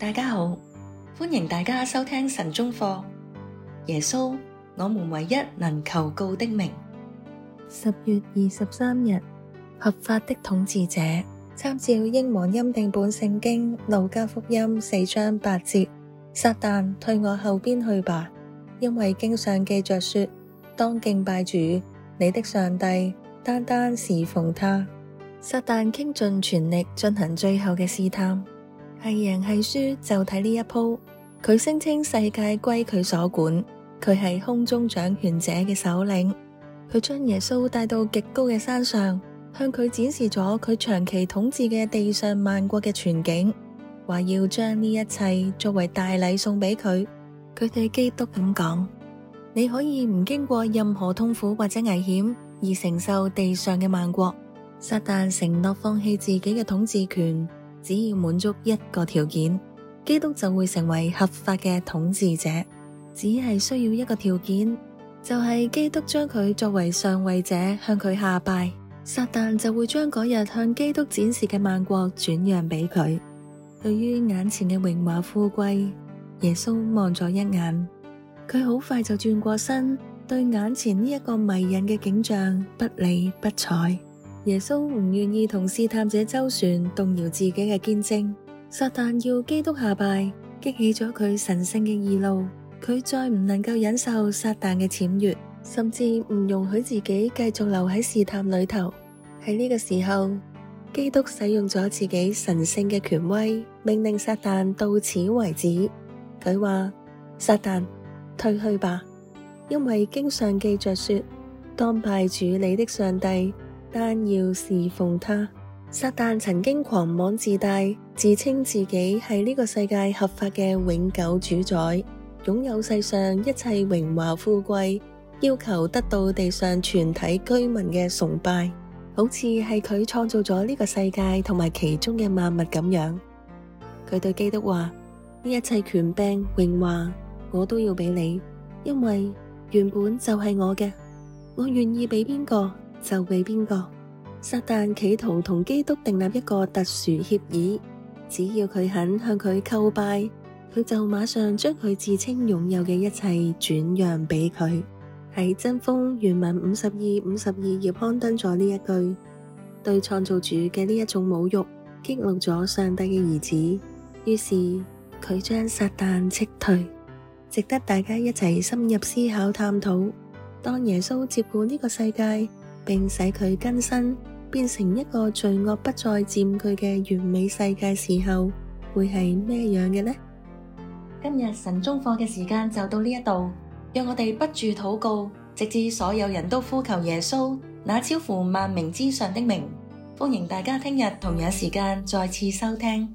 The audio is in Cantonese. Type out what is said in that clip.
大家好，歡迎大家收聽晨鐘課，耶穌，我們唯一能求告的名。十月二十三日，合法的統治者。參照英王欽定本聖經路加福音四章八節。撒旦退我後邊去吧，因為經上記着說，當敬拜主你的上帝，單單侍奉他。撒旦傾盡全力進行最後嘅試探。係贏係輸就睇呢一鋪。佢聲稱世界歸佢所管，佢係空中掌權者嘅首領。佢將耶穌帶到極高嘅山上，向佢展示咗佢長期統治嘅地上萬國嘅全景，話要將呢一切作為大禮送俾佢。佢對基督咁講：你可以唔經過任何痛苦或者危險，而承受地上嘅萬國。撒旦承諾放棄自己嘅統治權。只要滿足一個條件，基督就會成為合法嘅統治者。只係需要一個條件，就係基督將佢作為上位者向佢下拜，撒旦就會將嗰日向基督展示嘅萬國轉讓俾佢。對於眼前嘅榮華富貴，耶穌望咗一眼，佢好快就轉過身，對眼前呢一個迷人嘅景象不理不睬。耶穌唔願意同試探者周旋，動搖自己嘅堅貞。撒旦要基督下拜，激起咗佢神聖嘅義怒。佢再唔能夠忍受撒旦嘅僭越，甚至唔容許自己繼續留喺試探裏頭。喺呢個時候，基督使用咗自己神聖嘅權威，命令撒旦到此為止。佢話：撒旦，退去吧，因為經上記着說，當拜主你的上帝。但要侍奉他。撒旦曾經狂妄自大，自稱自己係呢個世界合法嘅永久主宰，擁有世上一切榮華富貴，要求得到地上全體居民嘅崇拜，好似係佢創造咗呢個世界同埋其中嘅萬物咁樣。佢對基督話：呢一切權柄榮華，我都要俾你，因為原本就係我嘅，我願意俾邊個，就俾邊個？撒旦企圖同基督訂立一個特殊協議，只要佢肯向佢叩拜，佢就馬上將佢自稱擁有嘅一切轉讓俾佢。喺真風原文五十二五十二頁刊登咗呢一句，對創造主嘅呢一種侮辱，激怒咗上帝嘅兒子，於是佢將撒旦斥退。值得大家一齊深入思考探討。當耶穌接管呢個世界。並使佢更新，變成一個罪惡不再佔據嘅完美世界時候，會係咩樣嘅呢？今日神中課嘅時間就到呢一度，讓我哋不住禱告，直至所有人都呼求耶穌那超乎萬名之上的名。歡迎大家聽日同樣時間再次收聽。